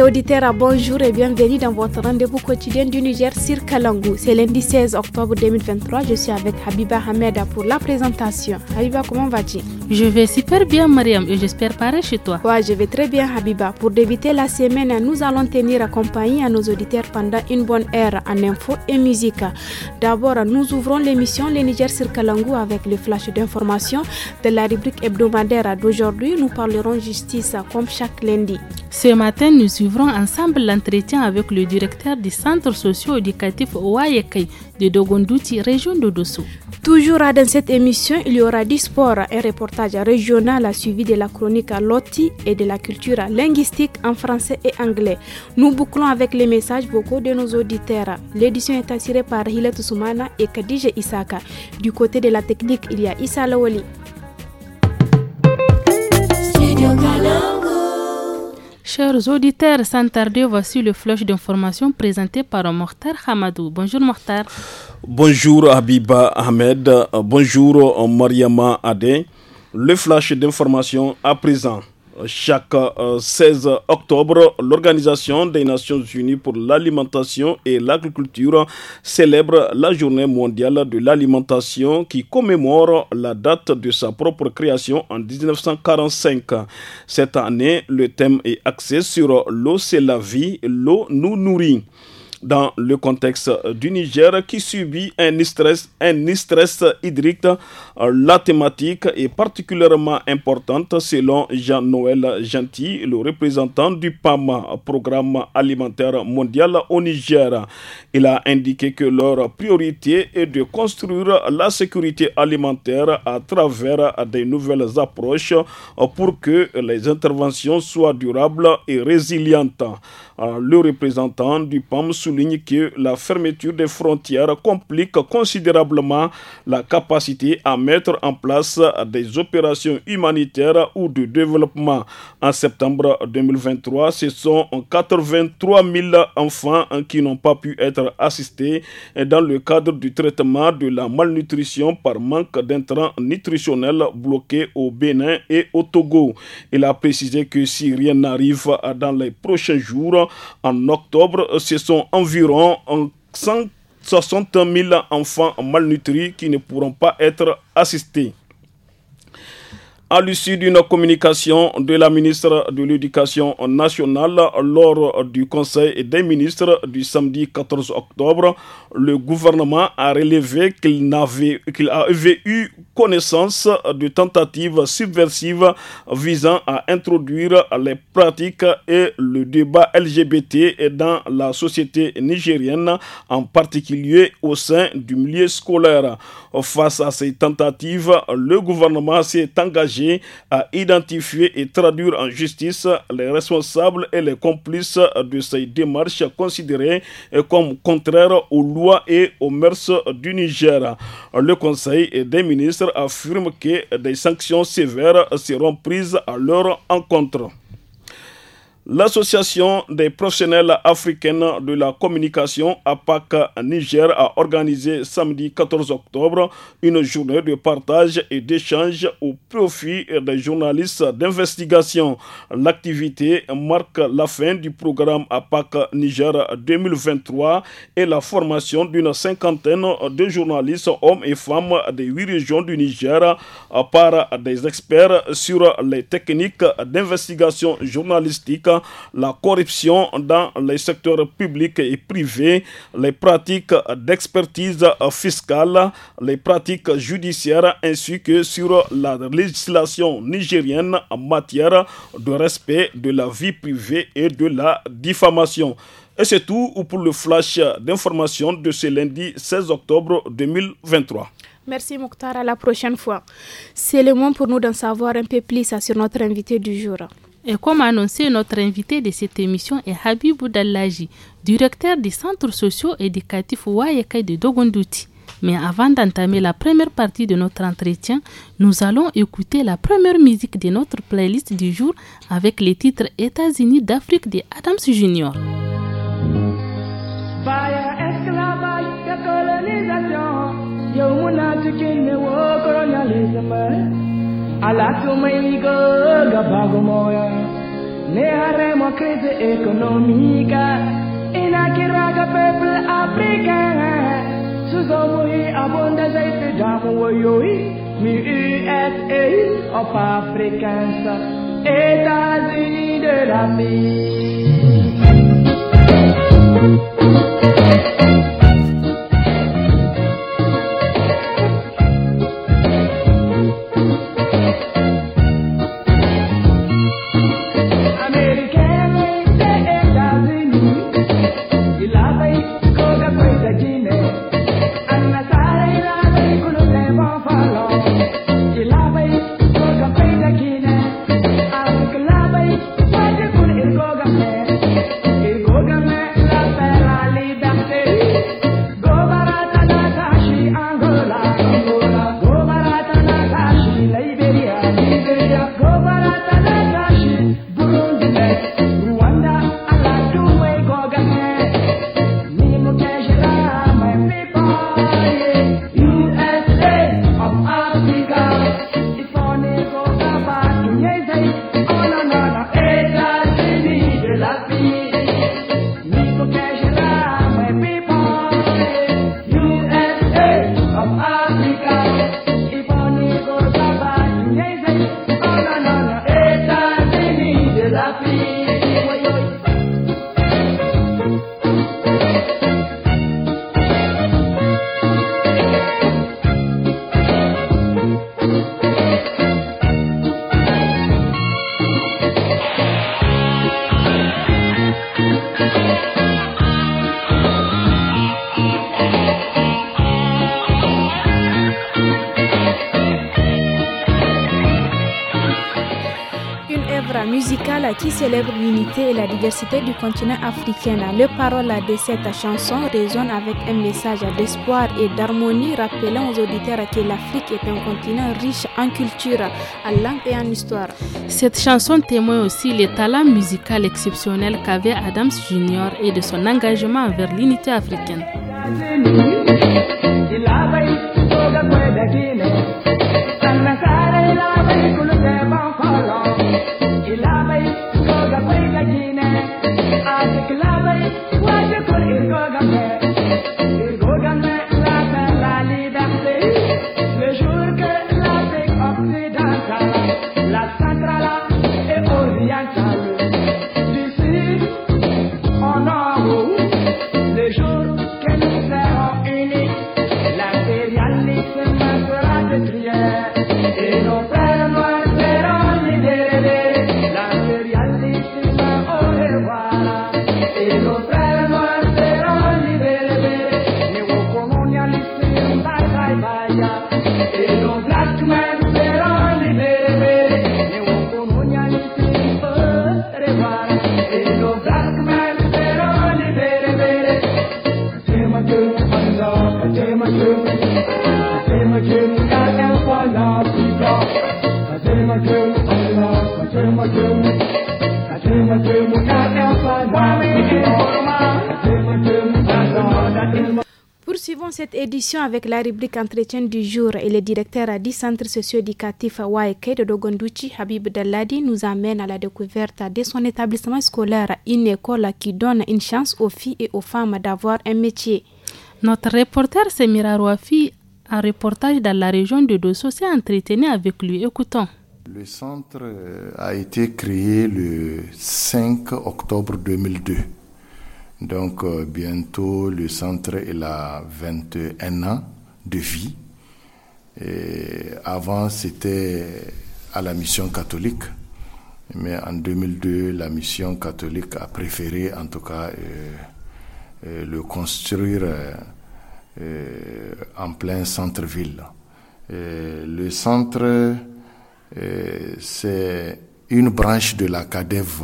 auditrices auditeurs, bonjour et bienvenue dans votre rendez-vous quotidien du Niger sur Kalangou. C'est lundi 16 octobre 2023. Je suis avec Habiba Hameda pour la présentation. Habiba, comment vas-tu je vais super bien, Mariam, et j'espère pareil chez toi. Ouais, je vais très bien, Habiba. Pour débuter la semaine, nous allons tenir accompagné à nos auditeurs pendant une bonne heure en info et musique. D'abord, nous ouvrons l'émission Les Niger sur Kalangu avec le flash d'information de la rubrique hebdomadaire d'aujourd'hui. Nous parlerons justice comme chaque lundi. Ce matin, nous suivrons ensemble l'entretien avec le directeur du centre socio-éducatif Owayekai de Dogondouti, région de Dosso. Toujours dans cette émission, il y aura du sport et reportage reportage régional suivi de la chronique à Lotti et de la culture linguistique en français et anglais. Nous bouclons avec les messages vocaux de nos auditeurs. L'édition est assurée par Hilet Soumana et Kadije Isaka. Du côté de la technique, il y a Issa Lawali. Chers auditeurs, sans tarder, voici le flash d'information présenté par Mortar Hamadou. Bonjour Mortar. Bonjour Habiba Ahmed. Bonjour Mariama Adé. Le flash d'information à présent. Chaque 16 euh, octobre, l'Organisation des Nations Unies pour l'alimentation et l'agriculture célèbre la journée mondiale de l'alimentation qui commémore la date de sa propre création en 1945. Cette année, le thème est axé sur l'eau, c'est la vie, l'eau nous nourrit dans le contexte du Niger qui subit un stress, hydrique. Euh, la thématique est particulièrement importante selon Jean-Noël Gentil, le représentant du PAM, Programme alimentaire mondial au Niger. Il a indiqué que leur priorité est de construire la sécurité alimentaire à travers des nouvelles approches pour que les interventions soient durables et résilientes. Euh, le représentant du PAM sous souligne que la fermeture des frontières complique considérablement la capacité à mettre en place des opérations humanitaires ou de développement. En septembre 2023, ce sont 83 000 enfants qui n'ont pas pu être assistés dans le cadre du traitement de la malnutrition par manque d'intrants nutritionnels bloqués au Bénin et au Togo. Il a précisé que si rien n'arrive dans les prochains jours, en octobre, ce sont environ 160 000 enfants malnutris qui ne pourront pas être assistés à l'issue d'une communication de la ministre de l'Éducation nationale lors du Conseil des ministres du samedi 14 octobre, le gouvernement a relevé qu'il avait eu connaissance de tentatives subversives visant à introduire les pratiques et le débat LGBT dans la société nigérienne, en particulier au sein du milieu scolaire. Face à ces tentatives, le gouvernement s'est engagé à identifier et traduire en justice les responsables et les complices de ces démarches considérées comme contraires aux lois et aux mœurs du Niger. Le Conseil des ministres affirme que des sanctions sévères seront prises à leur encontre. L'association des professionnels africains de la communication APAC Niger a organisé samedi 14 octobre une journée de partage et d'échange au profit des journalistes d'investigation. L'activité marque la fin du programme APAC Niger 2023 et la formation d'une cinquantaine de journalistes hommes et femmes des huit régions du Niger par des experts sur les techniques d'investigation journalistique la corruption dans les secteurs publics et privés, les pratiques d'expertise fiscale, les pratiques judiciaires ainsi que sur la législation nigérienne en matière de respect de la vie privée et de la diffamation. Et c'est tout pour le flash d'information de ce lundi 16 octobre 2023. Merci Mokhtar, à la prochaine fois. C'est le moment pour nous d'en savoir un peu plus sur notre invité du jour. Et comme annoncé, notre invité de cette émission est Habib Dallaji, directeur des centres sociaux éducatifs Wayekai de Dogondouti. Mais avant d'entamer la première partie de notre entretien, nous allons écouter la première musique de notre playlist du jour avec les titres États-Unis d'Afrique de Adams Junior. alatumaigo gabago moya neharemo crise econômica inakiraga people africain suzomuhi abondazaite damuwoyoi mi usa op africansa etasi l'unité et la diversité du continent africain. le paroles de cette chanson résonne avec un message d'espoir et d'harmonie, rappelant aux auditeurs que l'Afrique est un continent riche en culture, en langue et en histoire. Cette chanson témoigne aussi les talents musical exceptionnels qu'avait Adams Jr. et de son engagement envers l'unité africaine. avec la rubrique Entretien du jour et le directeur du Centre socio-éducatif Waike de Dogonduchi, Habib Dalladi, nous amène à la découverte de son établissement scolaire, une école qui donne une chance aux filles et aux femmes d'avoir un métier. Notre reporter Semira Rouafi, un reportage dans la région de Dosso, s'est entretenu avec lui. Écoutons. Le centre euh, a été créé le 5 octobre 2002 donc euh, bientôt, le centre a 21 ans de vie. avant, c'était à la mission catholique. Mais en 2002, la mission catholique a préféré, en tout cas, euh, euh, le construire en plein centre-ville. Le centre, c'est une branche de la CADEV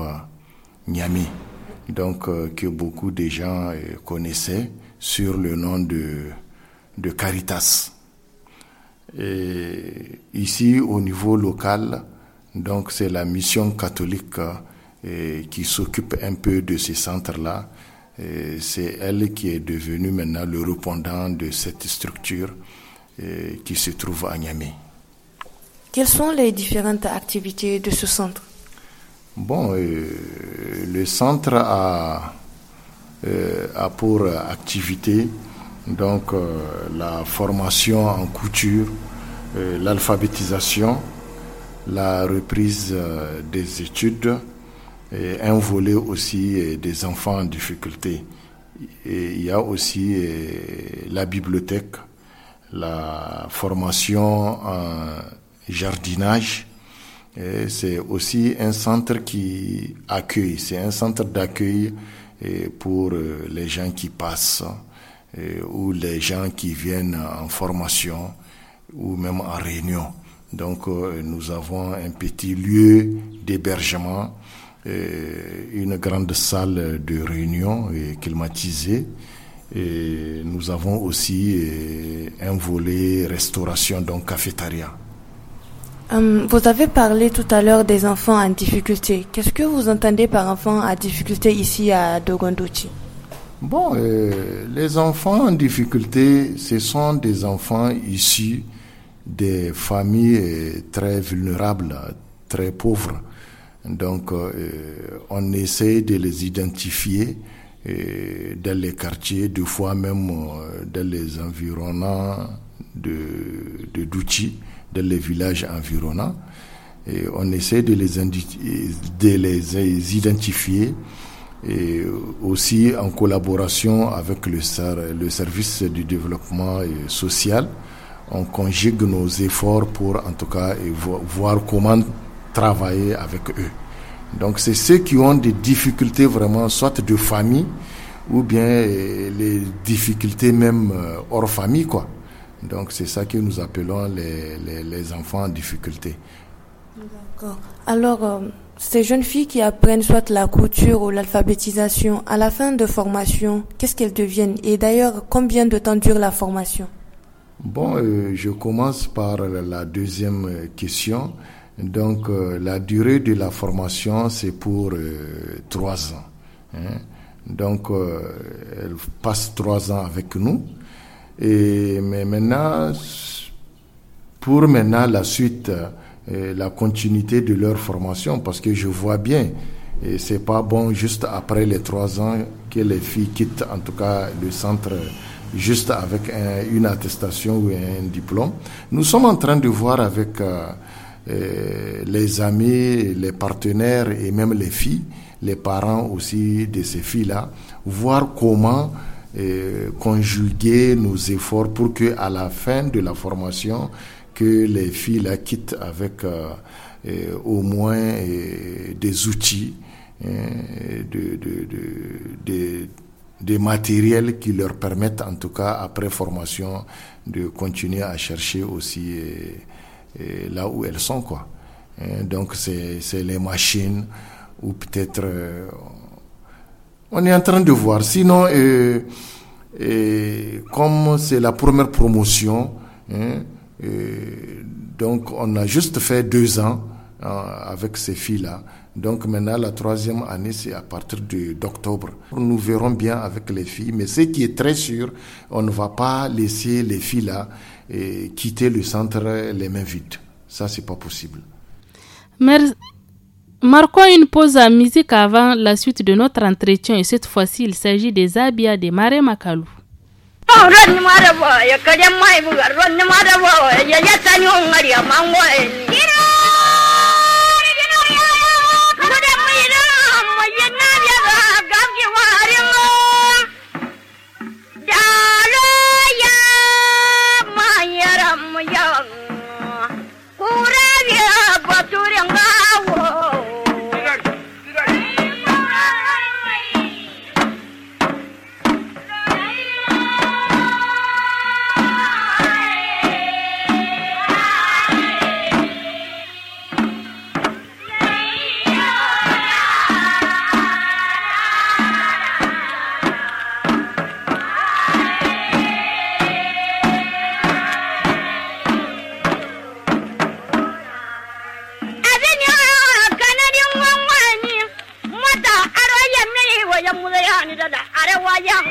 Nyami donc euh, que beaucoup de gens euh, connaissaient sur le nom de, de Caritas. ici, au niveau local, donc c'est la mission catholique euh, qui s'occupe un peu de ces centres-là. C'est elle qui est devenue maintenant le répondant de cette structure qui se trouve à Niamey. Quelles sont les différentes activités de ce centre Bon, le centre euh, a, pour activité donc euh, la formation en couture, euh, l'alphabétisation, la reprise des études et un volet aussi des enfants en difficulté. il y a aussi la bibliothèque, la formation en jardinage, c'est aussi un centre qui accueille, c'est un centre d'accueil pour euh, les gens qui passent ou les gens qui viennent en formation ou même en réunion. Donc euh, nous avons un petit lieu d'hébergement, une grande salle de réunion climatisée. Et nous avons aussi un volet restauration, donc cafétéria. Hum, vous avez parlé tout à l'heure des enfants en difficulté. Qu'est-ce que vous entendez par enfants en difficulté ici à Dogondouchi Bon, euh, les enfants en difficulté, ce sont des enfants issus des familles euh, très vulnérables, très pauvres. Donc, euh, on essaie de les identifier dans les quartiers, deux fois même dans les environnements de, de dans les villages environnants. Et on essaie de les, de les identifier et aussi en collaboration avec le, le service du développement euh, social. On conjugue nos efforts pour en tout cas voir comment travailler avec eux. Donc c'est ceux qui ont des difficultés vraiment, soit de famille ou bien euh, les difficultés même euh, hors famille quoi. Donc c'est ça que nous appelons les, enfants en difficulté. D'accord. Alors, euh, ces jeunes filles qui apprennent soit la couture ou l'alphabétisation, à la fin de formation, qu'est-ce qu'elles deviennent Et d'ailleurs, combien de temps dure la formation Bon, euh, je commence par la deuxième euh, question. Donc, la durée de la formation, c'est pour trois ans. Hein. Donc, elles passent trois ans avec nous. Et, mais maintenant, pour maintenant la suite, euh, la continuité de leur formation, parce que je vois bien, et c'est pas bon juste après les trois ans que les filles quittent en tout cas le centre juste avec une attestation ou un diplôme. Nous sommes en train de voir avec euh, euh, les amis, les partenaires et même les filles, les parents aussi de ces filles-là, voir comment conjuguer nos efforts pour que à la fin de la formation que les filles la quittent avec euh, au moins des outils hein, de, des matériels qui leur permettent, en tout cas après formation, de continuer à chercher aussi là où elles sont. Quoi. Hein, donc, c'est les machines ou peut-être euh, on est en train de voir. Sinon, euh, euh, comme c'est la première promotion, hein, euh, donc on a juste fait deux ans avec ces filles-là. Donc maintenant, la troisième année, c'est à partir d'octobre. Nous verrons bien avec les filles, mais ce qui est très sûr, on ne va pas laisser les filles-là quitter le centre les mains vides. Ça, c'est pas possible. Merci. Marquons une pause à musique avant la suite de notre entretien et cette fois-ci il s'agit des Abia des Marais Makalou.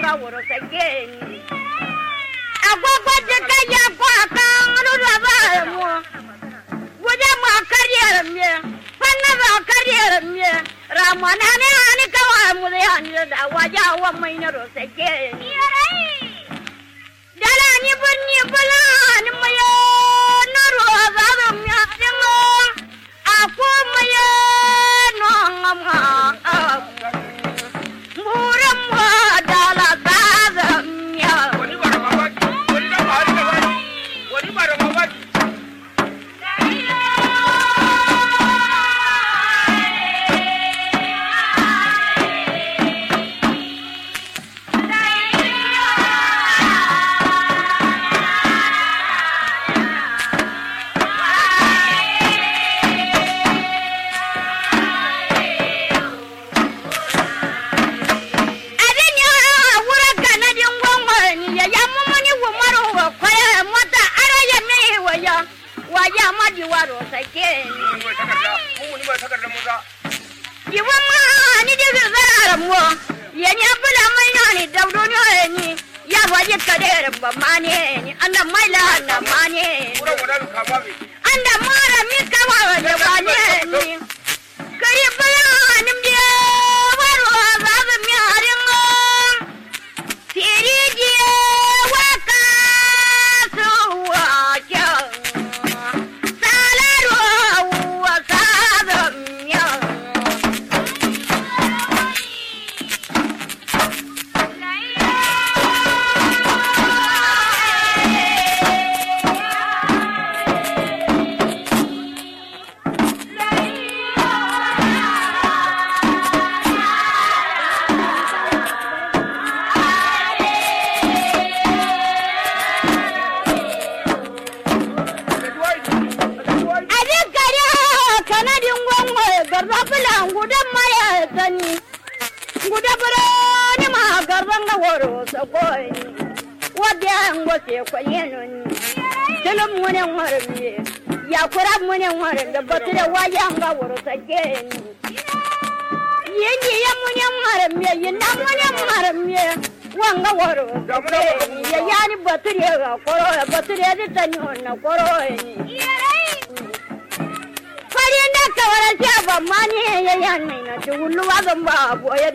ka wɔrɔsɛ gɛɛni. agogo ti ka ya kɔ a kan ŋa ló ba mɔ wòye mɔ kari yɛrɛ miɛ fanga ba kari yɛrɛ miɛ ramɔ naani ani ka wa mɔdɛ ani da wajan awɔ mɔ ina rɔsɛ gɛɛni. dala ni bɔ ni bɔ la ni mɔ ye nɔrɔ Fari na kawarar ta ban ma ne yayan mai na ci hulluwa zan ba a boye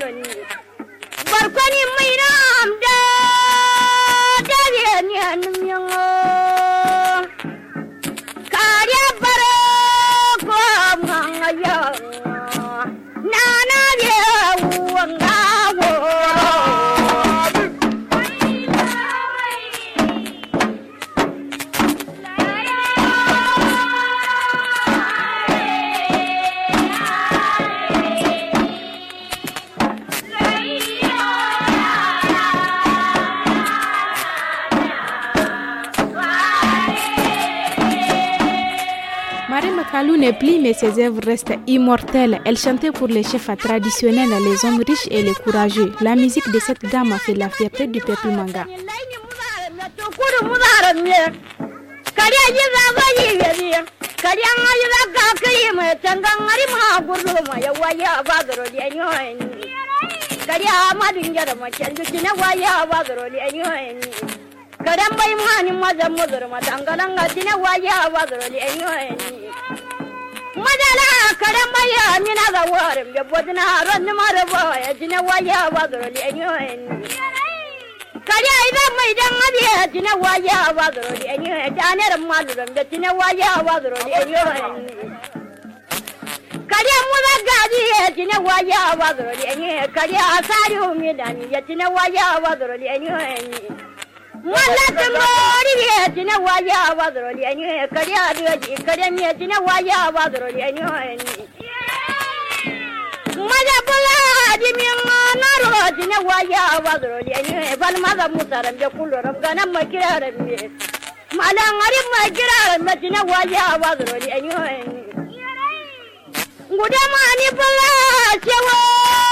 ses œuvres restent immortelles. Elle chantait pour les chefs traditionnels, les hommes riches et les courageux. La musique de cette dame a fait la fierté du peuple manga. madala kare maya mina ga warim ya bodina ron ni mare bo ya jine waya wa garo li anyo en kare ai da mai dan abi ya jine waya wa garo li anyo ya jane ran malu ran ga jine waya wa garo li anyo en kare mu da gadi ya jine waya wa garo li anyo kare asari mu dan ya Malata mori ya tina waya wadro ya ni kariya riji kariya ni tina waya wadro ya ni Mada bula di mi naro tina waya wadro ya ni bal mada musaram ya kullo rab gana makira rab ni Mala ngari makira rab tina waya wadro ya ni Ngudama ni bula chewa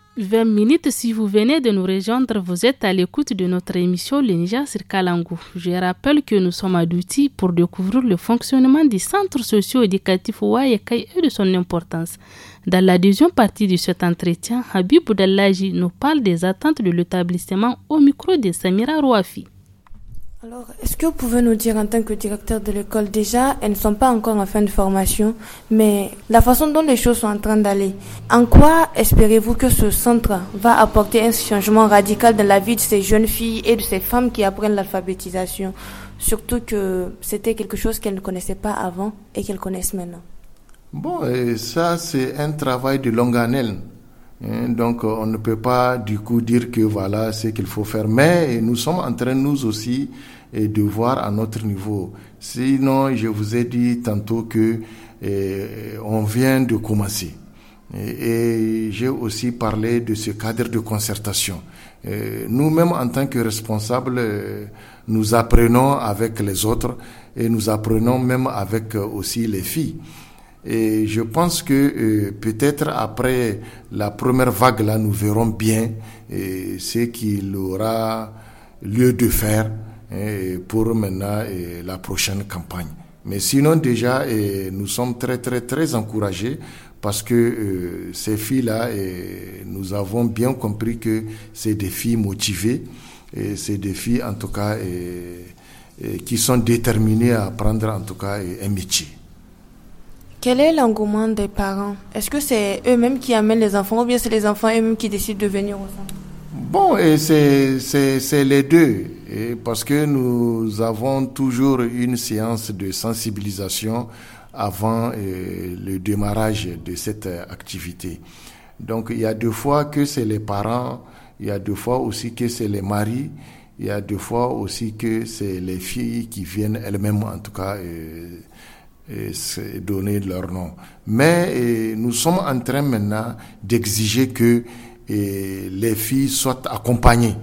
20 minutes. Si vous venez de nous rejoindre, vous êtes à l'écoute de notre émission Le Niger sur Je rappelle que nous sommes à pour découvrir le fonctionnement des centres socio-éducatifs Ouayakai et de son importance. Dans la deuxième partie de cet entretien, Habib Boudallaji nous parle des attentes de l'établissement au micro de Samira Rouafi. Alors, est-ce que vous pouvez nous dire en tant que directeur de l'école, déjà, elles ne sont pas encore en fin de formation, mais la façon dont les choses sont en train d'aller, en quoi espérez-vous que ce centre va apporter un changement radical dans la vie de ces jeunes filles et de ces femmes qui apprennent l'alphabétisation, surtout que c'était quelque chose qu'elles ne connaissaient pas avant et qu'elles connaissent maintenant Bon, ça, c'est un travail de longue année. Hein, donc euh, on ne peut pas du coup dire que voilà ce qu'il faut faire. Mais nous sommes en train nous aussi de voir à notre niveau. Sinon, je vous ai dit tantôt que eh, on vient de commencer. et j'ai aussi parlé de ce cadre de concertation. Eh, Nous-mêmes, en tant que responsables, nous apprenons avec les autres et nous apprenons même avec euh, aussi les filles. Et je pense que euh, peut-être après la première vague, là, nous verrons bien euh, ce qu'il aura lieu de faire euh, pour maintenant la prochaine campagne. Mais sinon, déjà, nous sommes très, très, très encouragés parce que ces filles-là, nous avons bien compris que c'est des filles motivées et c'est des filles, en tout cas, et, qui sont déterminées à prendre en tout cas, un métier. Quel est l'engouement des parents Est-ce que c'est eux-mêmes qui amènent les enfants ou bien c'est les enfants eux-mêmes qui décident de venir au centre Bon, et c'est les deux, et parce que nous avons toujours une séance de sensibilisation avant euh, le démarrage de cette euh, activité. Donc il y a deux fois que c'est les parents, il y a deux fois aussi que c'est les maris, il y a deux fois aussi que c'est les filles qui viennent elles-mêmes en tout cas. Euh, donner leur nom. Mais nous sommes en train maintenant d'exiger que les filles soient accompagnées,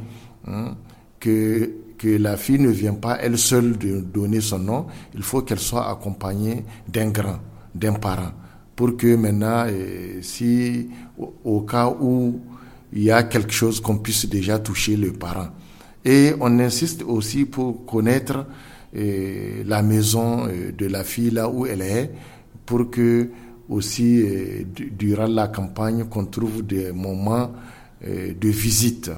hein. que, que la fille ne vient pas elle seule de donner son nom, il faut qu'elle soit accompagnée d'un grand, d'un parent, pour que maintenant, si au, au cas où il y a quelque chose qu'on puisse déjà toucher le parent. Et on insiste aussi pour connaître la maison euh, de la fille là où elle est pour que aussi euh, durant la campagne qu'on trouve des moments euh, de visite.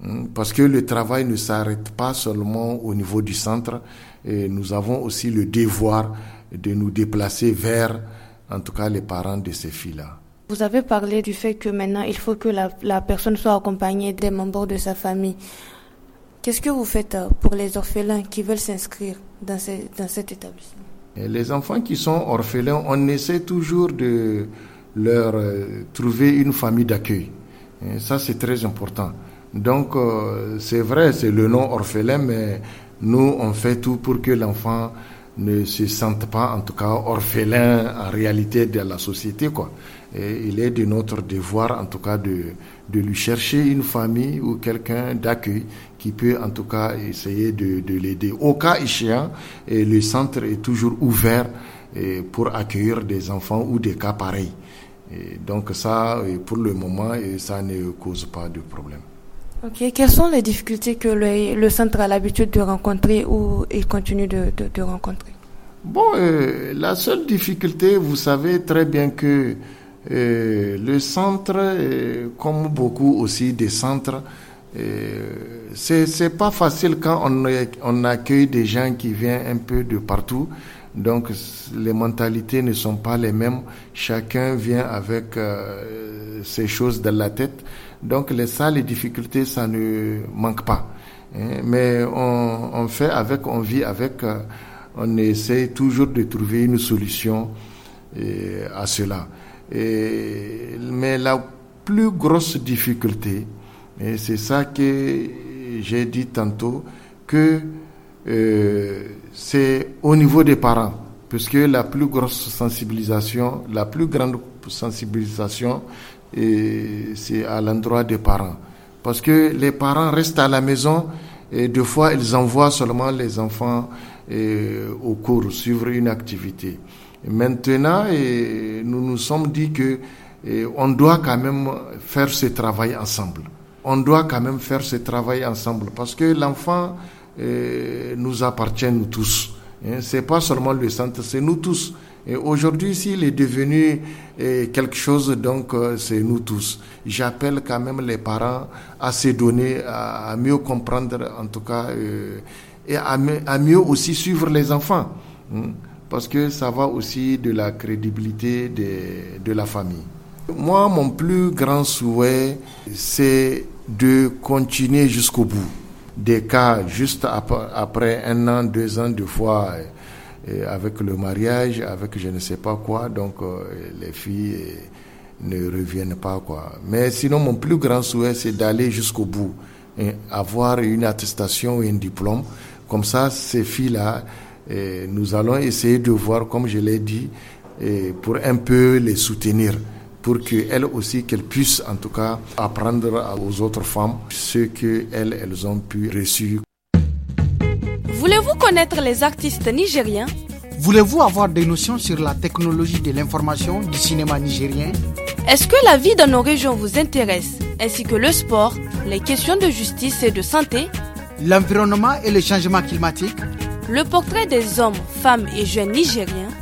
Hmm? Parce que le travail ne s'arrête pas seulement au niveau du centre, et nous avons aussi le devoir de nous déplacer vers, en tout cas, les parents de ces filles-là. Vous avez parlé du fait que maintenant, il faut que la, la personne soit accompagnée des membres de sa famille. Qu'est-ce que vous faites euh, pour les orphelins qui veulent s'inscrire dans, dans cet établissement Et Les enfants qui sont orphelins, on essaie toujours de leur euh, trouver une famille d'accueil. Ça, c'est très important. Donc, euh, c'est vrai, c'est le nom orphelin, mais nous, on fait tout pour que l'enfant ne se sente pas, en tout cas, orphelin en réalité de la société. Quoi. Et il est de notre devoir, en tout cas, de, de lui chercher une famille ou quelqu'un d'accueil qui peut en tout cas essayer de, l'aider. Au cas échéant, et le centre est toujours ouvert et pour accueillir des enfants ou des cas pareils. Et donc ça, pour le moment, ça ne cause pas de problème. Ok, quelles sont les difficultés que le, centre a l'habitude de rencontrer ou il continue de, rencontrer Bon, euh, la seule difficulté, vous savez très bien que euh, le centre, euh, comme beaucoup aussi des centres, euh, c'est pas facile quand on, on accueille des gens qui viennent un peu de partout. Donc les mentalités ne sont pas les mêmes. Chacun vient avec euh, ses choses dans la tête. Donc les, ça, les difficultés, ça ne manque pas. Hein. Mais on, fait avec, on vit avec. Euh, on essaie toujours de trouver une solution à cela. Et, mais la plus grosse difficulté, et c'est ça que j'ai dit tantôt, que euh, c'est au niveau des parents, puisque la plus grosse sensibilisation, la plus grande sensibilisation, c'est à l'endroit des parents. Parce que les parents restent à la maison et deux fois, ils envoient seulement les enfants au cours, suivre une activité. maintenant, nous nous sommes dit que on doit quand même faire ce travail ensemble on doit quand même faire ce travail ensemble parce que l'enfant euh, nous appartient nous tous. Ce hein, C'est pas seulement le centre, c'est nous tous. Et aujourd'hui, s'il est devenu euh, quelque chose, donc euh, c'est nous tous. J'appelle quand même les parents à se donner, à, mieux comprendre en tout cas, et à, mieux aussi suivre les enfants. Hein, parce que ça va aussi de la crédibilité de, de la famille. Moi, mon plus grand souhait, c'est de continuer jusqu'au bout. Des cas juste après un an, deux ans, deux fois, avec le mariage, avec je ne sais pas quoi, donc euh, les filles ne reviennent pas. quoi. Mais sinon, mon plus grand souhait, c'est d'aller jusqu'au bout, et avoir une attestation et un diplôme. Comme ça, ces filles-là, nous allons essayer de voir, comme je l'ai dit, pour un peu les soutenir pour qu'elles aussi, puissent en tout cas apprendre aux autres femmes ce qu'elles, ont pu reçu. Voulez-vous connaître les artistes nigériens Voulez-vous avoir des notions sur la technologie de l'information du cinéma nigérien Est-ce que la vie dans nos régions vous intéresse, ainsi que le sport, les questions de justice et de santé L'environnement et le changement climatique Le portrait des hommes, femmes et jeunes nigériens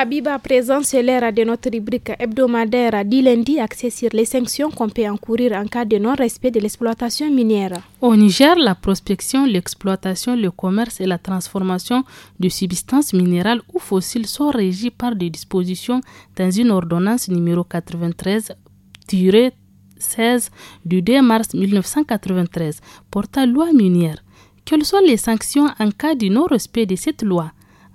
Habib, à présent, c'est de notre rubrique hebdomadaire à lundi axée sur les sanctions qu'on peut encourir en cas de non-respect de l'exploitation minière. Au Niger, la prospection, l'exploitation, le commerce et la transformation de substances minérales ou fossiles sont régis par des dispositions dans une ordonnance numéro 93 16 du 2 mars 1993 portant loi minière. Quelles sont les sanctions en cas de non-respect de cette loi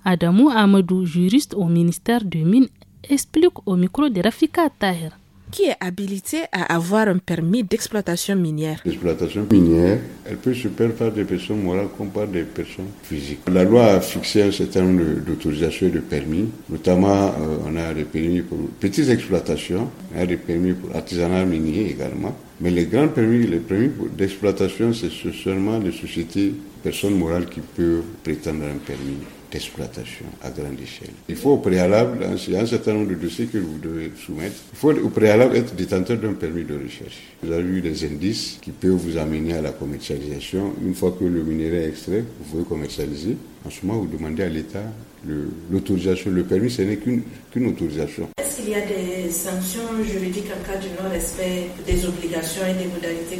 Adamou Amadou, juriste au ministère des Mines, explique au micro de Rafika Taher. Qui est habilité à avoir un permis d'exploitation minière L'exploitation minière, elle peut se faire par des personnes morales comme par des personnes physiques. La loi a fixé un certain nombre d'autorisations et de permis. Notamment, euh, on a des permis pour petites exploitations, on a des permis pour artisanat minier également. Mais les grands permis, les permis d'exploitation, c'est seulement les sociétés, personnes morales qui peuvent prétendre un permis exploitation à grande échelle. Il faut au préalable, hein, un certain nombre de dossiers que vous devez soumettre, il faut au préalable être détenteur d'un permis de recherche. Vous avez eu des indices qui peuvent vous amener à la commercialisation. Une fois que le minerai est extrait, vous pouvez commercialiser. En ce moment, vous demandez à l'État l'autorisation. Le, permis, ce n'est qu'une qu'une autorisation s'il y a des sanctions juridiques en cas de non-respect des obligations et des modalités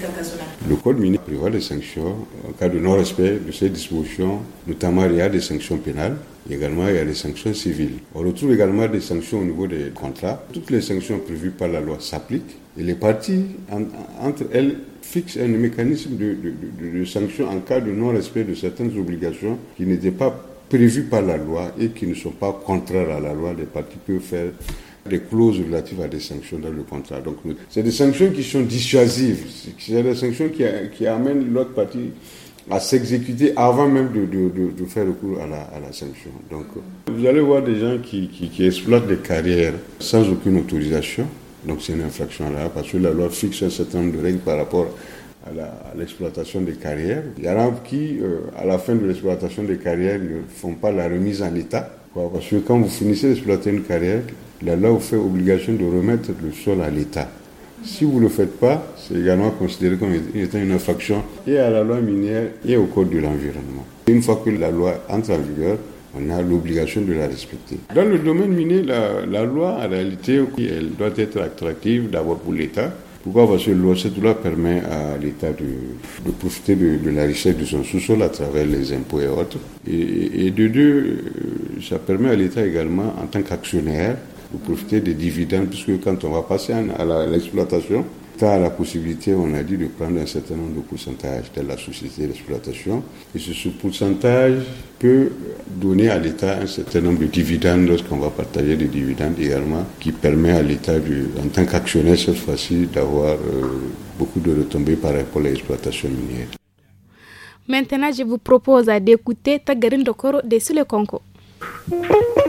Le code minier prévoit des sanctions en cas de non-respect de ces dispositions, notamment il y a des sanctions pénales. Également, il y a des sanctions civiles. On retrouve également des sanctions au niveau des contrats. Toutes les sanctions prévues par la loi s'appliquent et les parties, entre elles, fixent un mécanisme de, sanctions en cas de non-respect de certaines obligations qui n'étaient pas prévues par la loi et qui ne sont pas contraires à la loi. Les parties peuvent faire des clauses relatives à des sanctions dans le contrat. Donc, c'est des sanctions qui sont dissuasives, c'est des sanctions qui, amènent l'autre partie à s'exécuter avant même de, faire recours à la, à la sanction. Donc, vous allez voir des gens qui, exploitent des carrières sans aucune autorisation. Donc, c'est une infraction là, parce que la loi fixe un certain nombre de règles par rapport à l'exploitation des carrières. Il y en a qui, euh, à la fin de l'exploitation des carrières, ne font pas la remise en état. parce que quand vous finissez d'exploiter une carrière, la loi vous fait obligation de remettre le sol à l'État. Si vous ne le faites pas, c'est également considéré comme étant une infraction et à la loi minière et au code de l'environnement. Une fois que la loi entre en vigueur, on a l'obligation de la respecter. Dans le domaine minier, la, loi, en réalité, elle doit être attractive d'abord pour l'État. Pourquoi Parce que cette loi permet à l'État de, profiter de, la richesse de son sous-sol à travers les impôts et autres. Et, et de deux, euh, ça permet à l'État également, en tant qu'actionnaire, pour profiter des dividendes, puisque quand on va passer à l'exploitation, a la possibilité, on a dit, de prendre un certain nombre de pourcentages de la société d'exploitation. Et ce, pourcentage peut donner à l'État un certain nombre de dividendes lorsqu'on va partager des dividendes également, qui permet à l'État, en tant qu'actionnaire cette fois-ci, d'avoir euh, beaucoup de retombées par rapport à l'exploitation minière. Maintenant, je vous propose d'écouter Tagarin Dokoro de Sulekongo. Congo.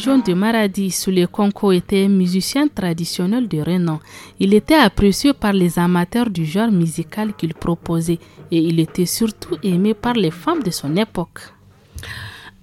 région de Maradi sous les concours, était un musicien traditionnel de renom. Il était apprécié par les amateurs du genre musical qu'il proposait et il était surtout aimé par les femmes de son époque.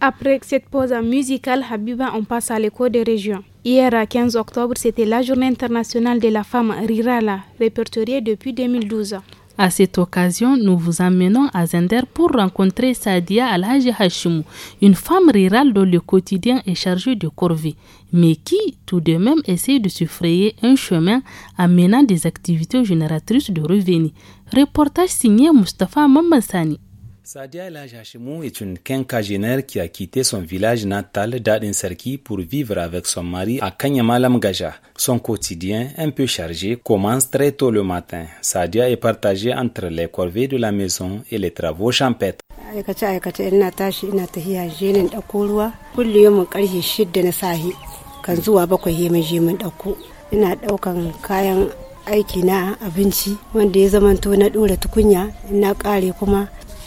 Après cette pause musicale, Habiba, on passe à l'écho des régions. Hier, 15 octobre, c'était la journée internationale de la femme Rirala, répertoriée depuis 2012. À cette occasion, nous vous emmenons à Zender pour rencontrer Sadia Alhaji Hashimou, une femme rurale dont le quotidien est chargé de corvées, mais qui tout de même essaie de se frayer un chemin amenant des activités génératrices de revenus. Reportage signé Mustapha Mamassani. Sadia Lajashimu est une quinquagénaire qui a quitté son village natal d'Adinserki pour vivre avec son mari à Kanyamalamgaja. Son quotidien, un peu chargé, commence très tôt le matin. Sadia est partagée entre les corvées de la maison et les travaux champêtres.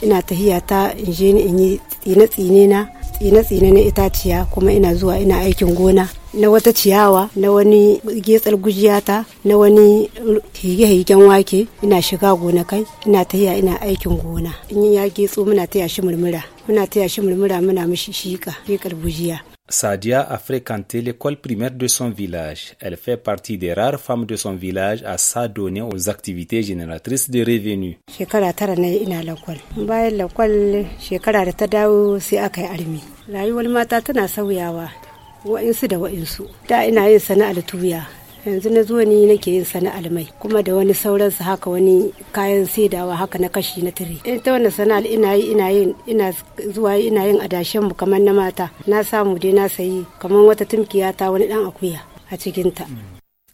ina tahiya ta in je ni in yi tsine-tsine na tsine-tsine na itaciya kuma ina zuwa ina aikin gona na wata ciyawa na wani getsar gujiyata na wani hige-higen wake ina shiga gona kai ina tahiya ina aikin gona in ya getso muna taya shi murmura muna taya shi murmura muna mishi shika shikar gujiya Sadia a fréquenté l'école primaire de son village. Elle fait partie des rares femmes de son village à s'adonner aux activités génératrices de revenus yanzu na zo ni nake yin sana'almai kuma da wani sauransu haka wani kayan saidawa haka na kashi na tire in eh, ta wannan sana'al ina yi ina yin ina zuwa ina yin adashen mu kamar na mata na samu dai na sayi kamar wata tumkiya ta wani dan akuya a cikin ta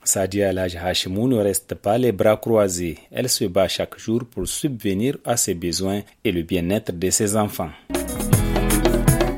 Sadia Alhaji Hashimoun reste pas les bras Elle se bat chaque jour pour subvenir à ses besoins et le bien-être de ses enfants.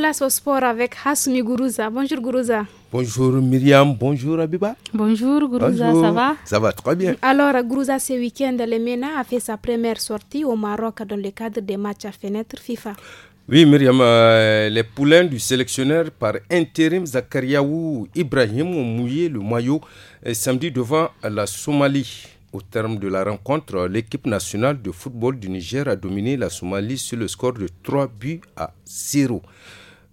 place au sport avec Hassoumi Gourouza. Bonjour Gourouza. Bonjour Myriam, bonjour Abiba. Bonjour Gourouza, ça va Ça va très bien. Alors Gourouza, ce week-end, le MENA a fait sa première sortie au Maroc dans le cadre des matchs à fenêtre FIFA. Oui, Myriam, euh, les poulains du sélectionneur par intérim Zakariaou Ibrahim ont mouillé le maillot euh, samedi devant la Somalie. Au terme de la rencontre, l'équipe nationale de football du Niger a dominé la Somalie sur le score de 3 buts à 0.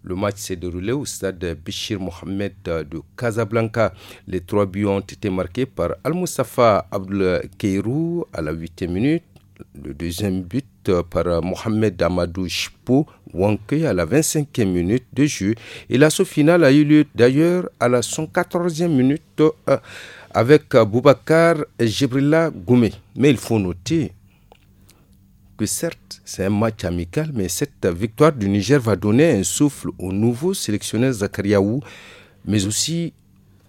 Le match s'est déroulé au stade Bichir Mohamed euh, de Casablanca. Les trois buts ont été marqués par Al-Mustafa Abdul Keirou à la 8e minute. Le deuxième but euh, par Mohamed Amadou Shpo Wanke à la 25e minute de jeu. Et l'assaut final a eu lieu d'ailleurs à la 114e minute euh, avec Boubacar Jibrila Goumé. Mais il faut noter que certes, c'est un match amical, mais cette victoire du Niger va donner un souffle au nouveau sélectionneur Zakariaou, mais aussi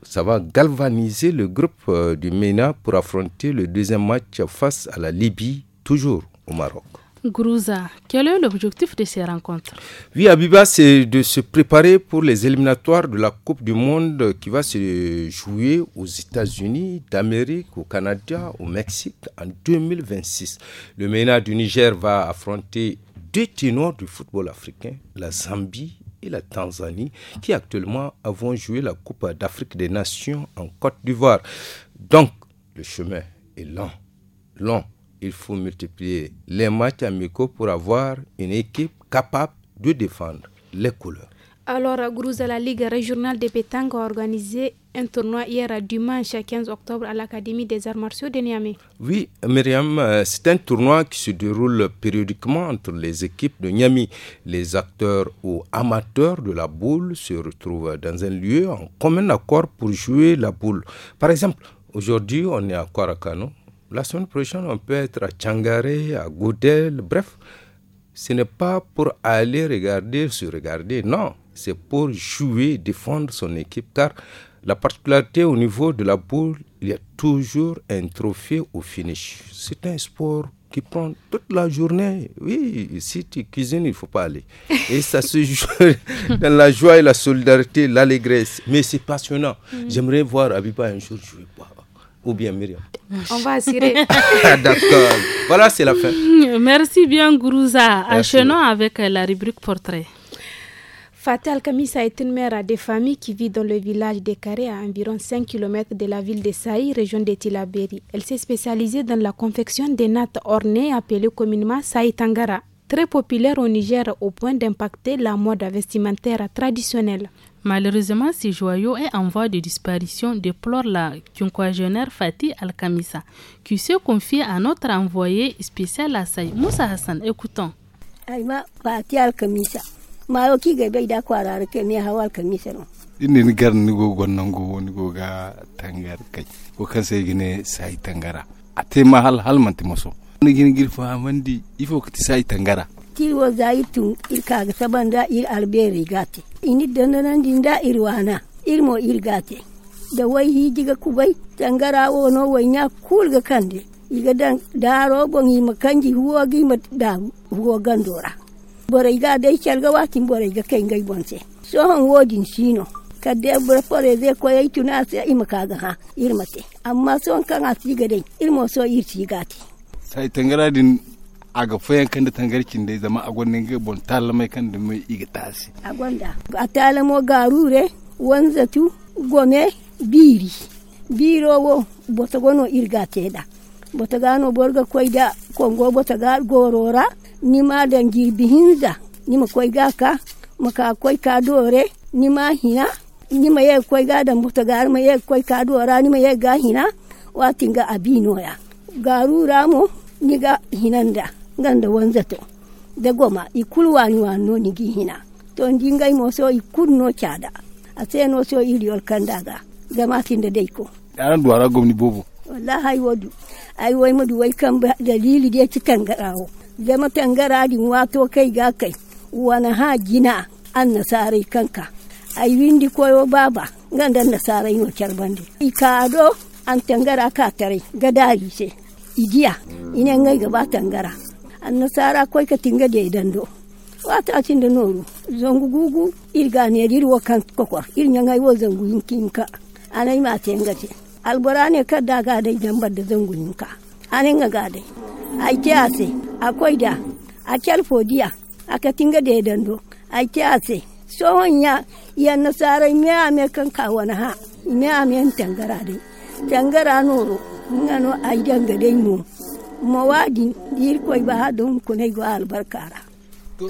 ça va galvaniser le groupe euh, du MENA pour affronter le deuxième match face à la Libye, toujours au Maroc. Grouza, quel est l'objectif de ces rencontres Oui, Abiba, c'est de se préparer pour les éliminatoires de la Coupe du Monde qui va se jouer aux États-Unis, d'Amérique, au Canada, au Mexique en 2026. Le ménage du Niger va affronter deux ténors du football africain, la Zambie et la Tanzanie, qui actuellement avons joué la Coupe d'Afrique des Nations en Côte d'Ivoire. Donc, le chemin est long, long il faut multiplier les matchs amicaux pour avoir une équipe capable de défendre les couleurs. Alors, à la Ligue régionale de pétanque a organisé un tournoi hier à dimanche 15 octobre à l'Académie des arts martiaux de Niamey. Oui, Myriam, c'est un tournoi qui se déroule périodiquement entre les équipes de Niamey. Les acteurs ou amateurs de la boule se retrouvent dans un lieu en commun accord pour jouer la boule. Par exemple, aujourd'hui, on est à Korakano. La semaine prochaine, on peut être à Tchangaré, à Goudel, bref. Ce n'est pas pour aller regarder, se regarder, non. C'est pour jouer, défendre son équipe. Car la particularité au niveau de la boule, il y a toujours un trophée au finish. C'est un sport qui prend toute la journée. Oui, si tu cuisines, il ne faut pas aller. Et ça se joue dans la joie et la solidarité, l'allégresse. Mais c'est passionnant. Mm. J'aimerais voir Abiba un jour jouer ou bien Myriam. On va assurer. D'accord. Voilà, c'est la fin. Merci bien, Gourouza. Enchaînons avec euh, la rubrique portrait. Fatal Kamisa est une mère de famille qui vit dans le village des Carrés à environ 5 km de la ville de Saï, région de Tilaberi. Elle s'est spécialisée dans la confection des nattes ornées appelées communément Saï Tangara, très populaire au Niger au point d'impacter la mode vestimentaire traditionnelle. Malheureusement, ce joyau est en voie de disparition, déplore la quinquagénaire Fatih Al-Kamisa, qui se confie à notre envoyé spécial à Saï, Moussa Hassan. Écoutons. Fatih Al-Kamisa. mayo ki ga bai da kwarar ke ne hawal ka misero inni ni gar ni gogo nan go ni goga tangar ko kan gine sai tangara a mahal ma hal hal man maso ni gine gir fa mandi ifo ko ti sai tangara ti wo zai tun irka ga saban da ir alberi gate ini dandanan din da irwana irmo ir mo da wai hijiga kubai tangara wo no wai nya kulga kande iga dan daro bon yi makanji huwa gi mat da huwa gandora borai ga dai kelga watin borai ga kai ngai bonse so han wodin sino kadde bura pore zai koyai tuna sai ima kaga ha irmate amma so kan asiga dai irmo so irci gate sai tangara din aga fayan kan da tangarkin da zama a gwanin gabon talamai kan da mai iga tasi a gwanda a talamo garure wanzatu gome biri wo, bota gono irga teda bota gano borga da kongo bota ga gorora nima dangi bihinza nima koi ka maka dore ni nima hina nima ye ga da bota garma ye koi ni nima ye ga hina watinga abinoya garuramo niga hinanda ganda wanzato da goma i wani wani no ni gihina to jingai mo so i no cada a se no so i riol kandaga gama tinde dei ko aran duwara gomni bobo wallahi wadu ai wai madu wai kamba dalili de ci tangarawo zama tangaradin wato kai ga kai wani ha gina an nasarai kanka ai windi koyo baba ganda nasarai no carbande i kado an tangara ka tare gadari se idiya ina ngai gaba tangara annasara koy ka tinga de dando wata cin da noru zangu gugu irga ne dir wo kan kokor ir nyanga wo zangu yinkinka anai ma tengate alborane ka daga dai jambar da zangu yinka nga ga gadai ai ase akwai da a kelfodiya aka tinga da dando ai ase. sohon nya ya nasara me ame kan kawana ha me ame tangara dai tangara noro ngano ai danga dai mu mawadin yirkoi ba ha don kunai go albarkara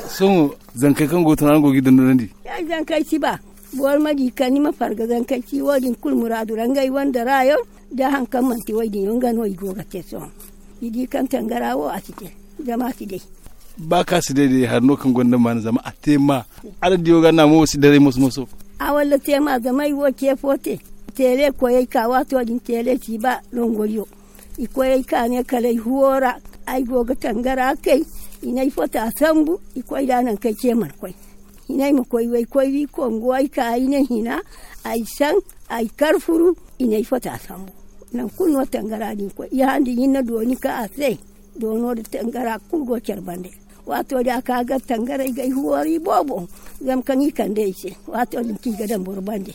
son zanka kan goto nan gogi nan nandi ya zanka ci ba buwar maji kani mafarga zanka ci wadin kul muradu rangai wanda rayo da hankan manti wadin yungan wai goga ce son idi kan tangarawo a cike jama ci dai ba ka su dai har nokan gwandan ma na zama a tema ardi yoga gana mo si dare musu musu a wala tema zama yi wo ke fote tele koyai kawa to din tele ci ba longoyo. ikwai kane kalai huwara ai goga tangara kai inai fota sambu ikwai danan kai ke markwai inai mu koi wai koi wi ko ngwai ka inai hina ai san ai karfuru inai fota sambu nan kunno tangara din ko ya handi do doni ka asai dono da tangara kurgo bande wato da ka ga tangara gai huwari bobo gam kan yi kan dai ce wato din ki ga dan burbande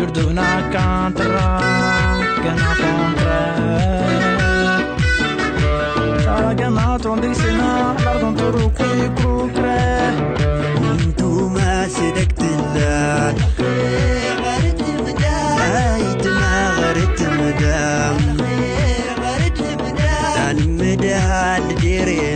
يردونا كانترا كنا كونترا ترى كنا تروندي سنا لارض نطرو كوي كروكرا وانتوما سيدك تلا غرت المدا هايت ما غرت المدا المدا اللي ديري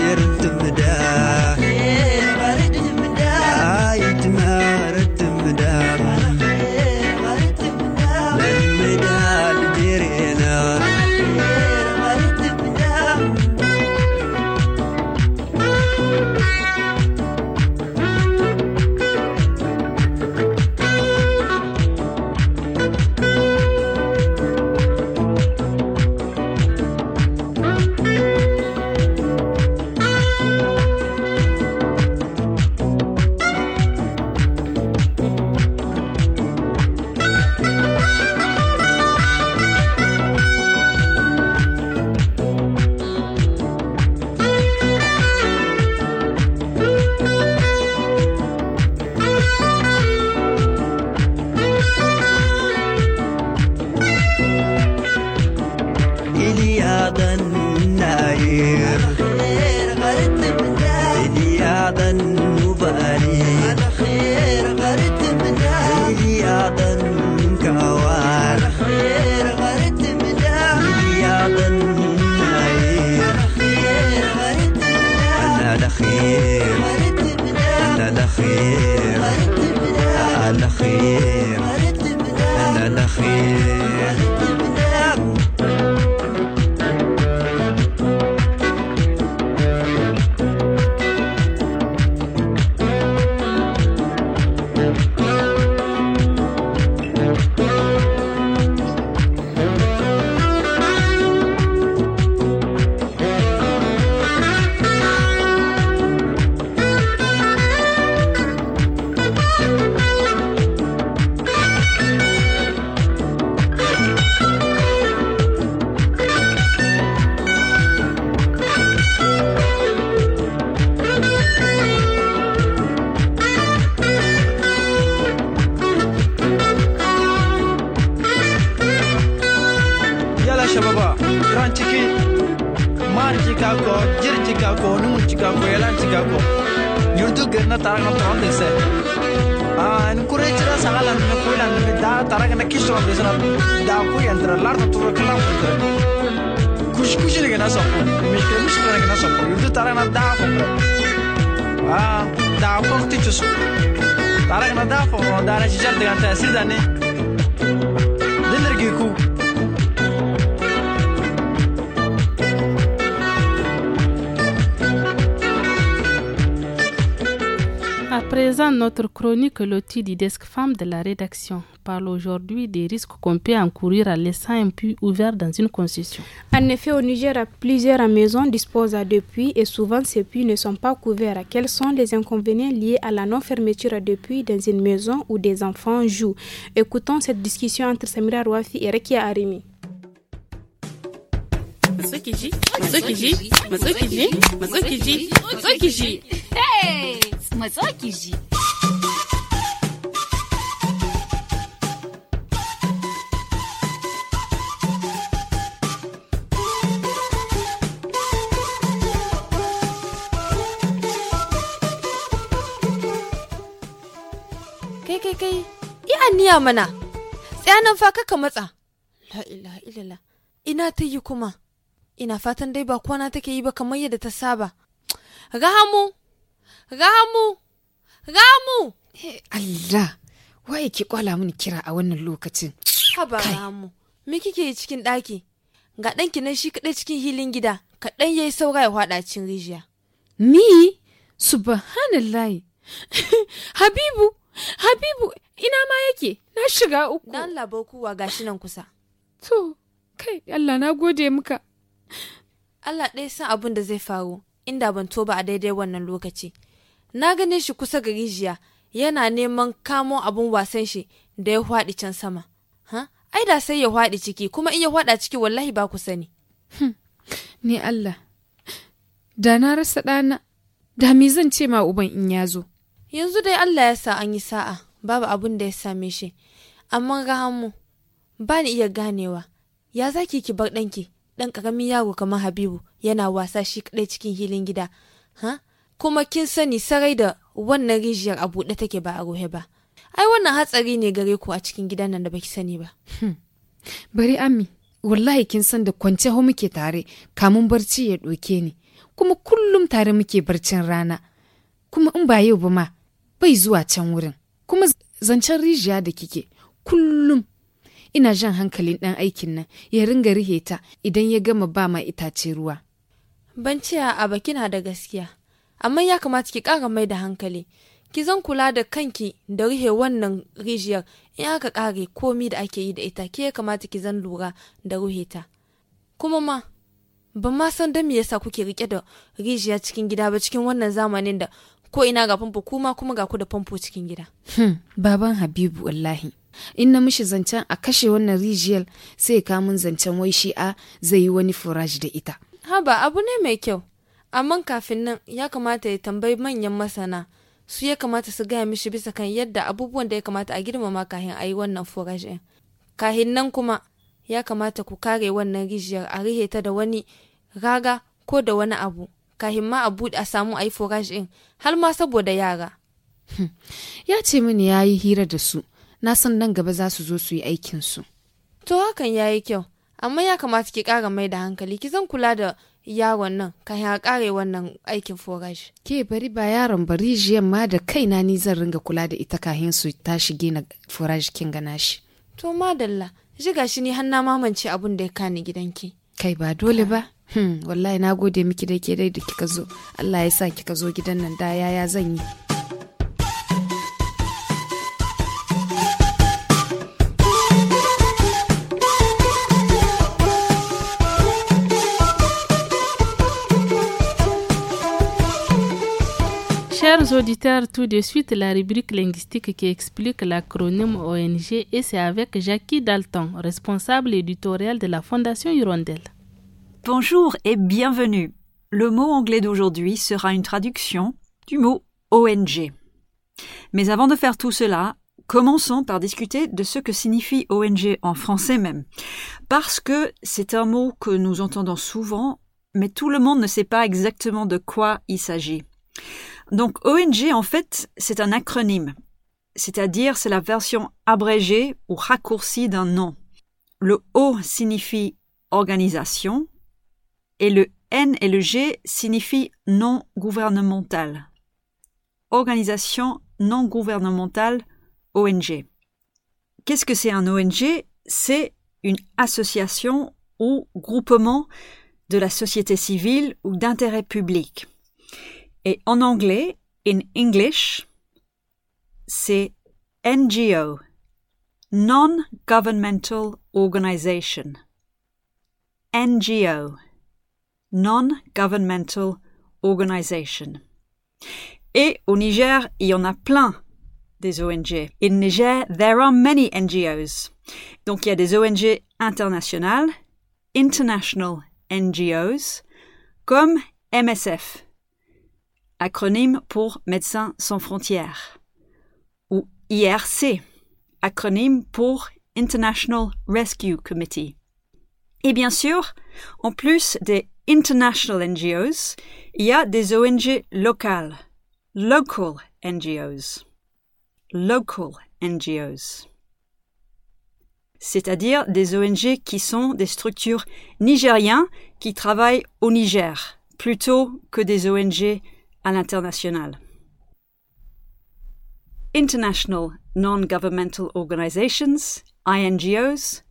سيرت بدار chronique Loti du Desk Femme de la rédaction parle aujourd'hui des risques qu'on peut encourir en laissant un puits ouvert dans une concession. En effet, au Niger, plusieurs maisons disposent à deux puits et souvent ces puits ne sont pas couverts. Quels sont les inconvénients liés à la non-fermeture deux puits dans une maison où des enfants jouent Écoutons cette discussion entre Samira Rouafi et Rekia Arimi. aniya mana tsayanan fa ka matsa la'ila ina ta yi kuma ina fatan dai ba kwana take yi ba kamar yadda ta saba ramu ramu ramu eh, allah waye ki kwala mini kira a wannan lokacin haba ramu me kike yi cikin ɗaki ga ɗanki nan shi kaɗai cikin hilin gida kaɗan yayi saura ya hwaɗa cin rijiya ni subhanallahi habibu Habibu, ina ma yake, na shiga uku. Dan kuwa ga nan kusa. To, kai, Allah na gode muka. Allah ɗaya san abin da zai faru, inda ban toba a daidai wannan lokaci. Na gane shi kusa ga rijiya, yana neman kamo abin wasan shi da ya hwaɗi can sama. Ha? Ai da sai ya hwaɗi ciki, kuma iya ya ciki wallahi ba ku sani. Hmm. Ni Allah, da na rasa ɗana, da me zan ce ma uban in ya zo. yanzu dai Allah ya sa an yi sa'a babu abin da ya same shi amma ga hannu ba ni iya ganewa ya zaki ki bar ɗanki ɗan ƙaramin yaro kamar habibu yana wasa shi kaɗai cikin hilin gida ha kuma kin sani sarai da wannan rijiyar a buɗe take ba a rohe ba ai wannan hatsari ne gare ku a cikin gidan nan da baki sani ba hmm. bari ami wallahi kin san da kwance ho muke tare kamun barci ya ɗoke ni kuma kullum tare muke barcin rana kuma in ba yau ba ma bai zuwa can wurin kuma zancen rijiya da kike kullum ina jan hankalin ɗan aikin nan ya ringa riheta idan ya gama ba ma itace ruwa. Ban ce a kina da gaskiya, amma ya kamata ki ƙara mai da hankali. Ki zan kula da kanki da rihe wannan rijiyar in aka ƙare komi da ake yi da ita ke ya kamata ki zan lura da ruheta Kuma ma, ban ma san don me yasa kuke rike da rijiya cikin gida ba cikin wannan zamanin da ko ina ga famfo kuma kuma ga ku da famfo cikin gida. Hmm, baban Habibu wallahi. In na mishi zancen a kashe wannan rijiyar sai ya kamun zancen wai shi a zai yi wani furaji da ita. Haba abu ne mai kyau, amma kafin nan ya kamata ya tambayi manyan masana su ya kamata su gaya mishi bisa kan yadda abubuwan da ya kamata a girmama kahin a yi wannan furaji ɗin. Kahin nan kuma ya kamata ku kare wannan rijiyar a rihe ta da wani raga ko da wani abu kahin ma a buɗe a samu a yi forage ɗin har ma saboda yara. Hmm. ya ce mini ya yi hira da su na san nan gaba za su zo su yi su. to hakan ya yi kyau amma ya kamata ki ƙara mai da hankali ki zan kula da yaron nan kahin a ƙare wannan aikin forage. ke bari ba yaron bari jiyan ma da kaina ni zan ringa kula da ita kahin su ta shige gina forage kin gana shi. to madalla jiga shi ni har na mamance abun da ya kani gidanki. kai ba dole ba. Chers auditeurs, tout de suite la rubrique linguistique qui explique l'acronyme ONG et c'est avec Jackie Dalton, responsable éditorial de la Fondation Hirondelle. Bonjour et bienvenue. Le mot anglais d'aujourd'hui sera une traduction du mot ONG. Mais avant de faire tout cela, commençons par discuter de ce que signifie ONG en français même. Parce que c'est un mot que nous entendons souvent, mais tout le monde ne sait pas exactement de quoi il s'agit. Donc ONG, en fait, c'est un acronyme, c'est-à-dire c'est la version abrégée ou raccourcie d'un nom. Le O signifie organisation, et le N et le G signifient non gouvernemental. Organisation non gouvernementale, ONG. Qu'est-ce que c'est un ONG C'est une association ou groupement de la société civile ou d'intérêt public. Et en anglais, in English, c'est NGO, Non-Governmental Organization. NGO. Non Governmental Organization. Et au Niger, il y en a plein des ONG. In Niger, there are many NGOs. Donc il y a des ONG internationales, International NGOs, comme MSF, acronyme pour Médecins sans frontières, ou IRC, acronyme pour International Rescue Committee. Et bien sûr, en plus des international NGOs, il y a des ONG locales, local NGOs, local NGOs, c'est-à-dire des ONG qui sont des structures nigériennes qui travaillent au Niger plutôt que des ONG à l'international. International Non-Governmental Organizations, INGOs,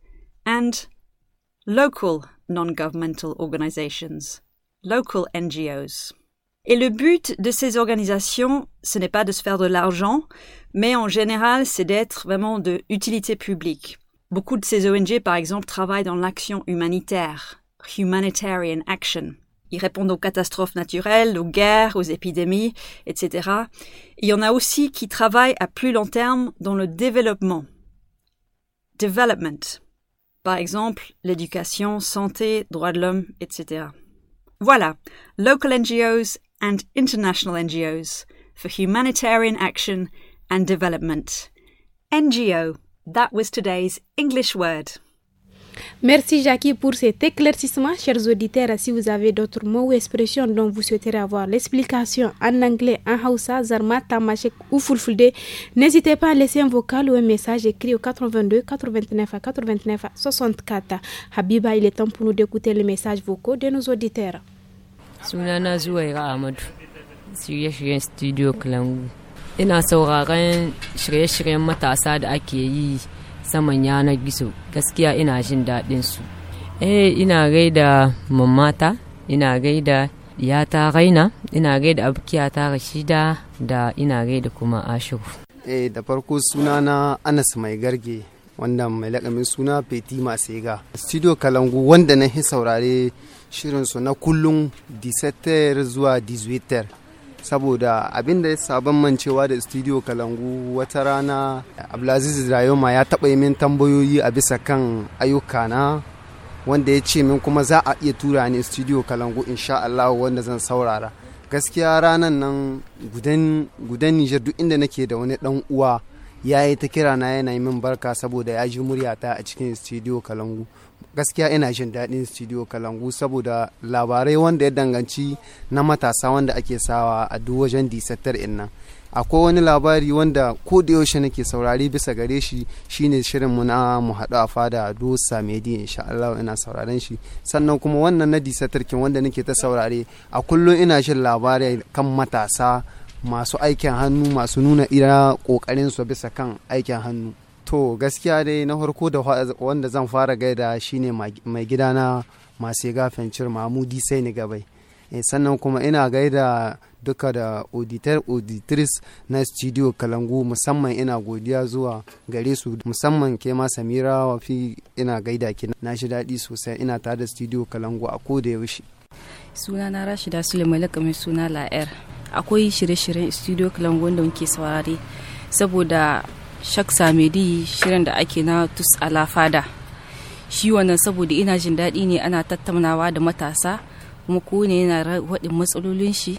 and Local non governmental organizations, local NGOs. Et le but de ces organisations, ce n'est pas de se faire de l'argent, mais en général, c'est d'être vraiment de utilité publique. Beaucoup de ces ONG, par exemple, travaillent dans l'action humanitaire, humanitarian action. Ils répondent aux catastrophes naturelles, aux guerres, aux épidémies, etc. Il y en a aussi qui travaillent à plus long terme dans le développement. Development. Par exemple, l'éducation, santé, droits de l'homme, etc. Voilà, local NGOs and international NGOs for humanitarian action and development. NGO, that was today's English word. Merci Jackie pour cet éclaircissement. Chers auditeurs, si vous avez d'autres mots ou expressions dont vous souhaiterez avoir l'explication en anglais, en hausa, zarma, tamachek ou fulfulde, n'hésitez pas à laisser un vocal ou un message écrit au 82 89 89 64. Habiba, il est temps pour nous d'écouter les messages vocaux de nos auditeurs. Sunana Studio saman yanar gizo gaskiya ina jin daɗin su eh ina gaida mamata ina gaida yata raina ina gaida abokiyata rashida da ina gaida kuma ashiru eh da farko suna na anas mai garge wanda mai lakamin suna peti masega studio kalangu wanda na saurare shirinsu na kullum 17 zuwa 18 saboda abin da ya saban mancewa da studio kalangu wata rana abdulaziz rayoma ya taɓa yi min tambayoyi a bisa kan ayyuka na wanda ya ce min kuma za a iya tura ni studio kalangu insha Allah wanda zan saurara gaskiya ranan nan gudan Nijar duk inda nake da wani dan uwa ya yi ta kira na yana yi min barka saboda ya ji muryata a cikin studio kalangu gaskiya ina jin daɗin studio kalangu saboda labarai wanda ya danganci na matasa wanda ake sawa a duk wajen disattar in nan akwai wani labari wanda ko da yaushe nake saurari bisa gare shi shine shirin mu na mu haɗu a fada dosa medi insha Allah ina sauraren shi sannan kuma wannan na kin wanda nake ta saurare a kullum ina jin labarai kan matasa masu aikin hannu masu nuna ira kokarin su bisa kan aikin hannu to gaskiya dai na farko da wanda zan fara gaida shine mai gidana masu gafen mamudi sai ni gabai eh, sannan kuma ina gaida duka da auditor auditrice na studio kalangu musamman ina godiya zuwa gare su musamman ke ma samira wafi ina gaida ki na shi daɗi sosai ina ta da studio kalangu a ko da yaushe suna na rashida suleiman lakamin suna la'ar akwai shirye-shiryen studio kalangu wanda muke saurari saboda shak samedi shirin da ake na tus alafada shi wannan saboda ina jin daɗi ne ana tattaunawa da matasa kuma ko ne yana waɗin matsalolin shi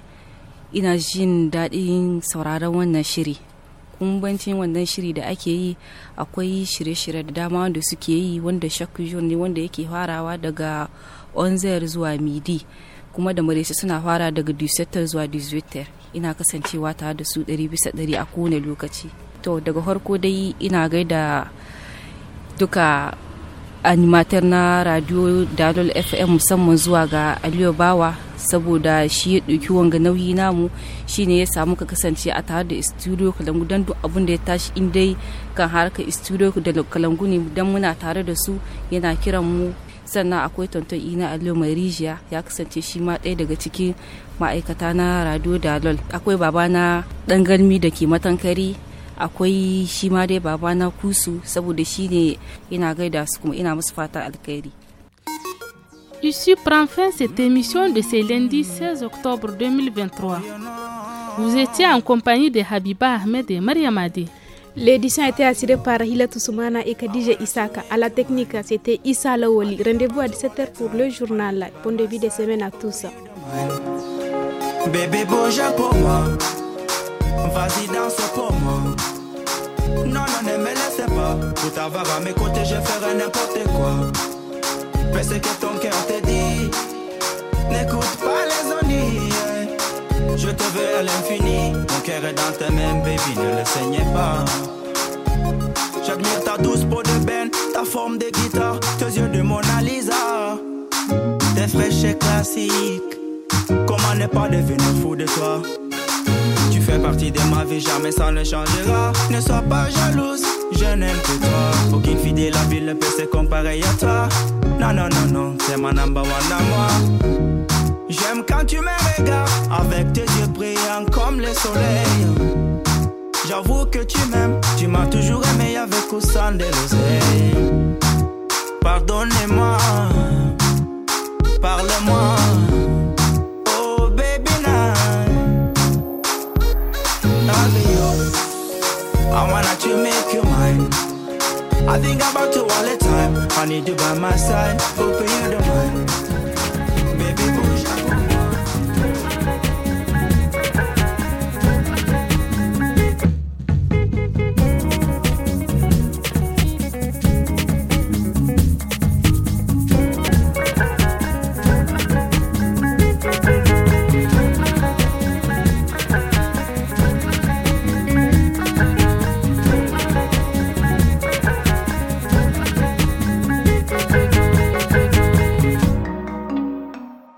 ina jin daɗin sauraron wannan shiri kumbancin wannan shiri da ake yi akwai shirye-shirye da dama wanda suke yi wanda shak ne wanda yake farawa daga onzer zuwa midi kuma da marisa suna fara daga 17 zuwa 18 ina kasancewa tare da su ɗari bisa ɗari a kowane lokaci to daga harko dai ina gaida duka animatar na radio dalol fm musamman zuwa ga aliyu bawa saboda shi ya ɗauki wanga nauyi namu shine ya samu ka kasance a tare da studio kalangu don duk abin da ya tashi in dai kan harkar studio da kalangu ne don muna tare da su yana kiran mu sannan akwai tonton ina aliyu mai rijiya ya kasance shi ma ɗaya daga cikin ma'aikata na radio dalol akwai babana ɗan galmi da ke matankari akwai shi ma dai babana kusu saboda shi ina gaida su kuma ina musu Ici prend fin cette émission de ce lundi 16 octobre 2023. Vous étiez en compagnie de Habiba Ahmed et Mariam L'édition a été assurée par Hila Toussoumana et Kadija Isaka. À la technique, c'était Issa Lawoli. Rendez-vous à 17h pour le journal. Bon début de semaine à tous. Bébé, non, non, ne me laissez pas. Pour t'avoir à mes côtés, je ferai n'importe quoi. Mais ce que ton cœur te dit. N'écoute pas les ennuis. Je te veux à l'infini. Mon cœur est dans tes mains, baby, ne le saignez pas. J'admire ta douce peau de benne, ta forme de guitare, tes yeux de Mona Lisa. Tes fraîches et classiques. Comment n'est pas devenu fou de toi? fais partie de ma vie, jamais ça ne changera. Ne sois pas jalouse, je n'aime que toi. Aucune fille de la ville peut se comparer à toi. Non, non, non, non, c'est ma number one à moi. J'aime quand tu me regardes avec tes yeux brillants comme le soleil. J'avoue que tu m'aimes, tu m'as toujours aimé avec ou sans de Pardonnez-moi, parle-moi. I wanna to make you mine. I think about you all the time. I need you by my side, hoping you don't mind.